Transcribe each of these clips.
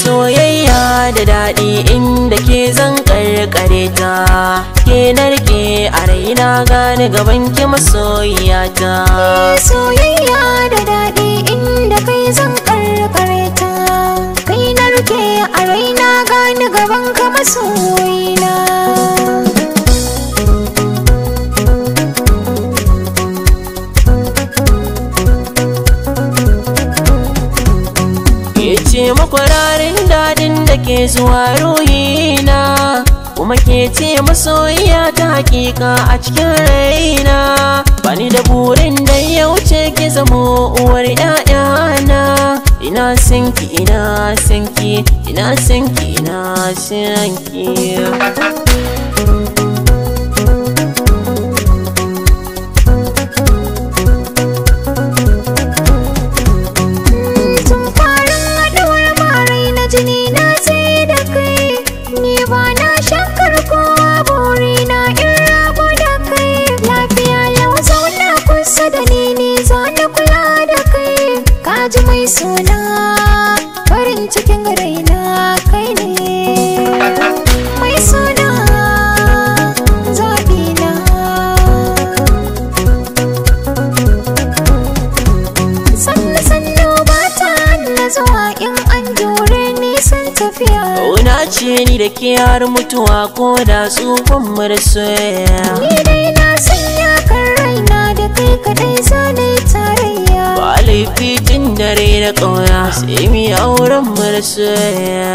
Soyayya da daɗi inda ke zan ƙarƙare ta Ke narke a raina gane gaban ki masoyiyata Soyayya da daɗi inda kai zan zuwa ruhina kuma ke ce masoyiya ta hakika a cikin raina bani da burin da ya wuce ki zamo uwar yayana ina sinki ina sinki ina sinki ina sinki Kauna ce ni da ke har mutuwa ko da tsufan marasoya Ni dai na sanya kan raina da kai kadai zane tarayya Ba laifi tun dare na ƙauna sai mi auren marasoya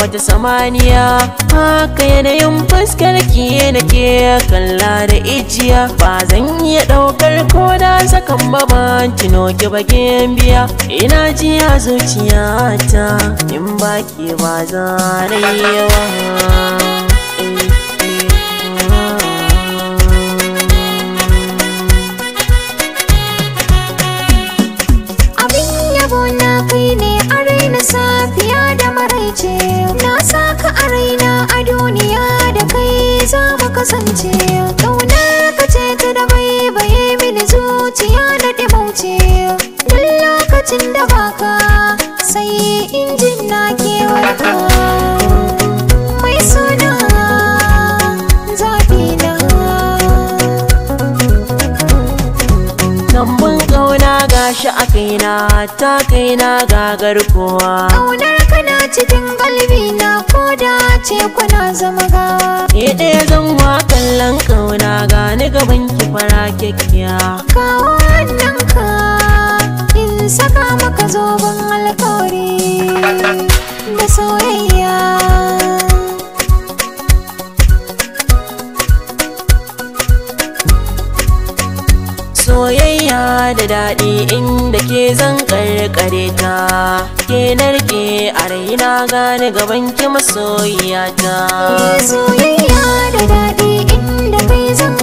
wata samaniya haka yanayin fuskar ki ke kalla da ijiya ba zan iya daukar ko da sakan ba ba tino ki bagen biya ina ji a zuciyata in baki ba za yawa safiya da maraice kasance kauna ka ce ta da bai baye mini zuciya da ta bauce duk lokacin da abun kauna gashi a kaina ta kaina gagar kowa kaunar kana cikin galbi na koda ce kuna zama ga ni ɗaya zan wa kallon kauna gani gaban ki fara kyakkyawa kawo wannan ka da daɗi inda ke zan karkare ta ke narke a raina gane gaban ki masoyiya ta soyayya da daɗi inda kai zan